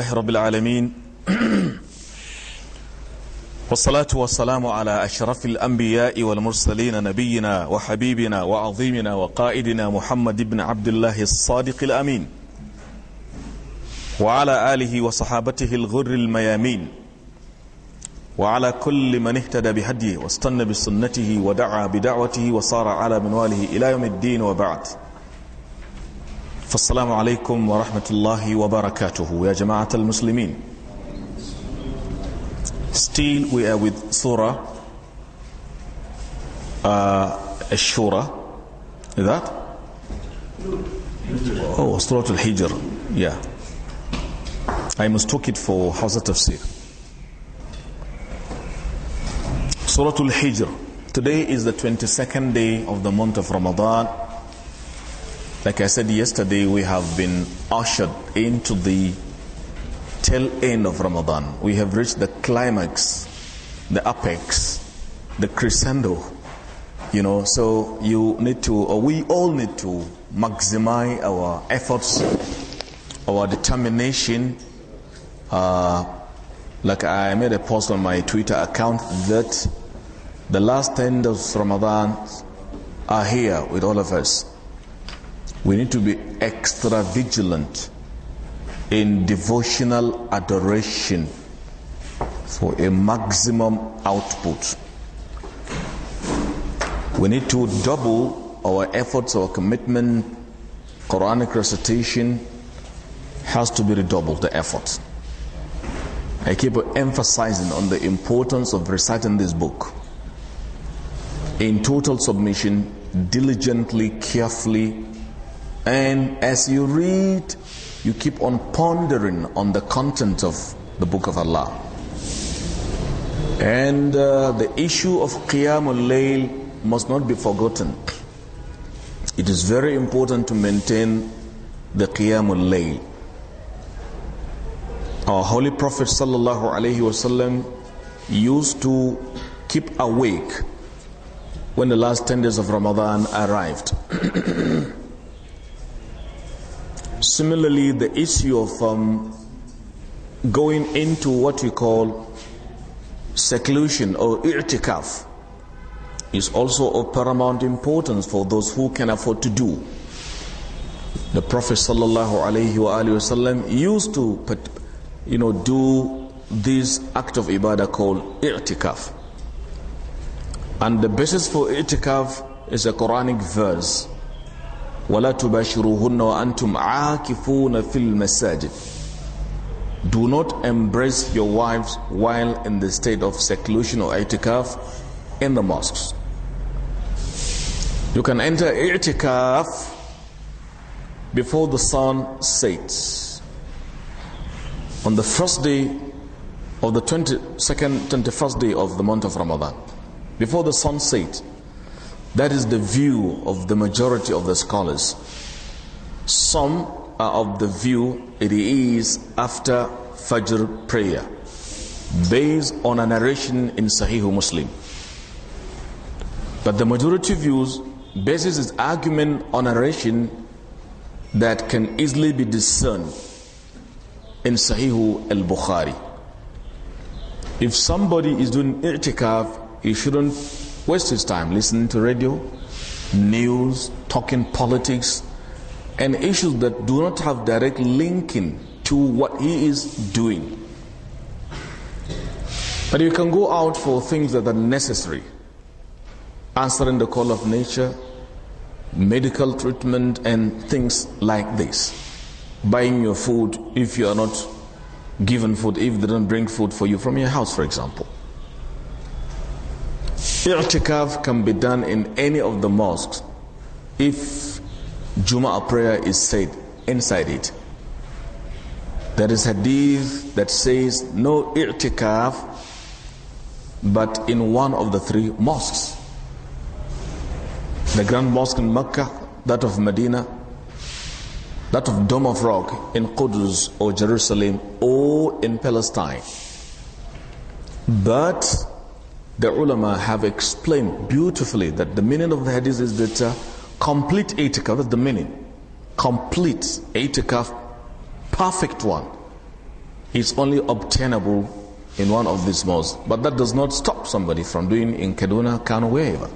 الله رب العالمين والصلاة والسلام على أشرف الأنبياء والمرسلين نبينا وحبيبنا وعظيمنا وقائدنا محمد بن عبد الله الصادق الأمين وعلى آله وصحابته الغر الميامين وعلى كل من اهتدى بهديه واستنى بسنته ودعا بدعوته وصار على منواله إلى يوم الدين وبعد فالسلام عليكم ورحمة الله وبركاته يا جماعة المسلمين Still we are with Surah uh, Ashura Is that? Oh, Surah Al-Hijr Yeah I mistook it for Hawza Tafsir Surah Al-Hijr Today is the 22nd day of the month of Ramadan Like I said yesterday, we have been ushered into the tail end of Ramadan. We have reached the climax, the apex, the crescendo. You know, so you need to, or we all need to maximize our efforts, our determination. Uh, like I made a post on my Twitter account that the last 10 days of Ramadan are here with all of us we need to be extra vigilant in devotional adoration for a maximum output. We need to double our efforts, our commitment. Quranic recitation has to be redoubled, the effort. I keep emphasizing on the importance of reciting this book. In total submission, diligently, carefully, and as you read, you keep on pondering on the content of the Book of Allah. And uh, the issue of Qiyamul Layl must not be forgotten. It is very important to maintain the Qiyamul Layl. Our Holy Prophet sallallahu alaihi wasallam used to keep awake when the last 10 days of Ramadan arrived. Similarly, the issue of um, going into what we call seclusion or irtikaf is also of paramount importance for those who can afford to do. The Prophet ﷺ used to you know, do this act of ibadah called irtikaf, And the basis for i'tikaf is a Quranic verse. وَلَا تُبَاشِرُوهُنَّ وَأَنْتُمْ عَاكِفُونَ فِي الْمَسَاجِدِ Do not embrace your wives while in the state of seclusion or itikaf in the mosques. You can enter itikaf before the sun sets. On the first day of the 22nd, 21st day of the month of Ramadan, before the sun sets, that is the view of the majority of the scholars. Some are of the view it is after Fajr prayer, based on a narration in Sahih Muslim. But the majority views bases its argument on narration that can easily be discerned in Sahih al-Bukhari. If somebody is doing i'tikaf, he shouldn't waste his time listening to radio, news, talking politics, and issues that do not have direct linking to what he is doing. But you can go out for things that are necessary answering the call of nature, medical treatment, and things like this. Buying your food if you are not given food, if they don't bring food for you from your house, for example. I'tikaf can be done in any of the mosques if Juma prayer is said inside it. There is hadith that says no i'tikaf but in one of the three mosques. The Grand Mosque in Mecca, that of Medina, that of Dome of Rock in Qudus or Jerusalem or in Palestine. But the ulama have explained beautifully that the meaning of the hadith is that uh, complete itikaf is the meaning. Complete itikaf, perfect one, is only obtainable in one of these mosques. But that does not stop somebody from doing in Kaduna, Kano, wherever.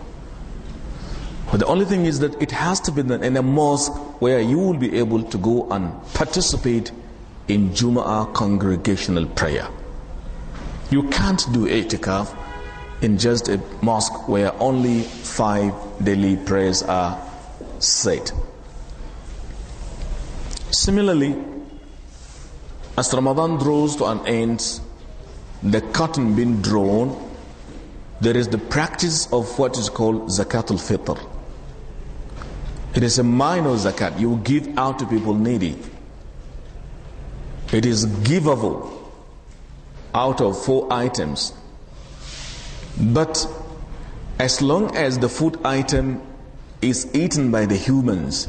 But the only thing is that it has to be done in a mosque where you will be able to go and participate in Jumu'ah congregational prayer. You can't do itikaf in just a mosque where only five daily prayers are said. Similarly, as Ramadan draws to an end, the curtain being drawn, there is the practice of what is called zakat al-fitr. It is a minor zakat. You give out to people needy. It is givable out of four items but as long as the food item is eaten by the humans,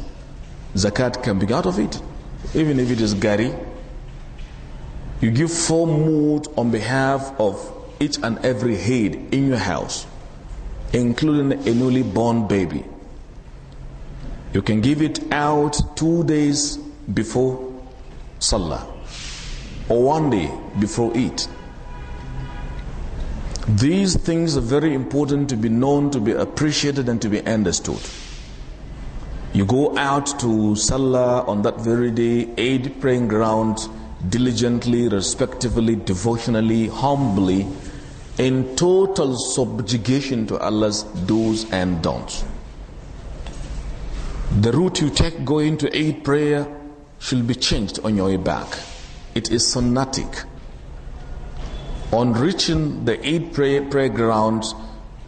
zakat can be out of it. Even if it is gari, you give four mood on behalf of each and every head in your house, including a newly born baby. You can give it out two days before Salah or one day before it. These things are very important to be known, to be appreciated, and to be understood. You go out to Salah on that very day, aid praying ground, diligently, respectfully, devotionally, humbly, in total subjugation to Allah's do's and don'ts. The route you take going to aid prayer should be changed on your way back. It is sonatic. On reaching the eight prayer, prayer grounds,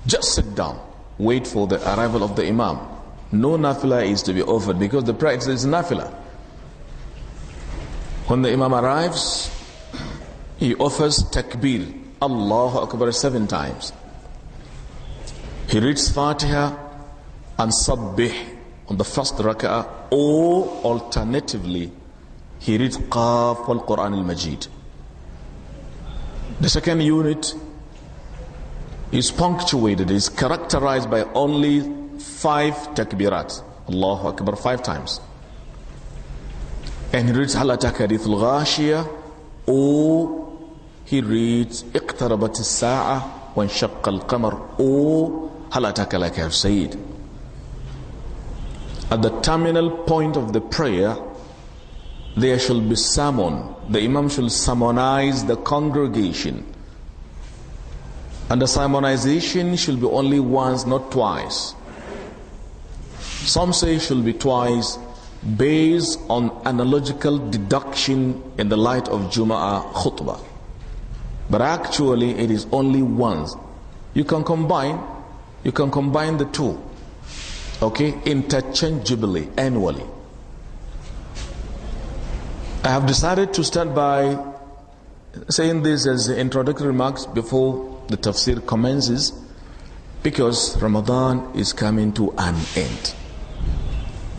just sit down. Wait for the arrival of the imam. No nafila is to be offered because the prayer is nafila. When the imam arrives, he offers takbir, Allahu Akbar seven times. He reads Fatiha and Sabbih on the first rak'ah or alternatively, he reads Qaf al-Quran al-Majid. The second unit is punctuated, is characterized by only five takbirat. Allahu Akbar five times. And he reads Allah Takarith al Ghashiyah, or he reads Iqtarabat al Sa'a wa Shaq al Qamar, or Halataka, like I have said. At the terminal point of the prayer, there shall be summon. The Imam shall summonize the congregation. And the summonization shall be only once, not twice. Some say it shall be twice based on analogical deduction in the light of Jumu'ah khutbah. But actually it is only once. You can combine, you can combine the two. Okay, interchangeably, annually. I have decided to start by saying this as introductory remarks before the tafsir commences because Ramadan is coming to an end.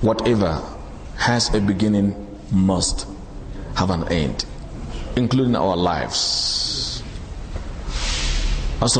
Whatever has a beginning must have an end, including our lives. As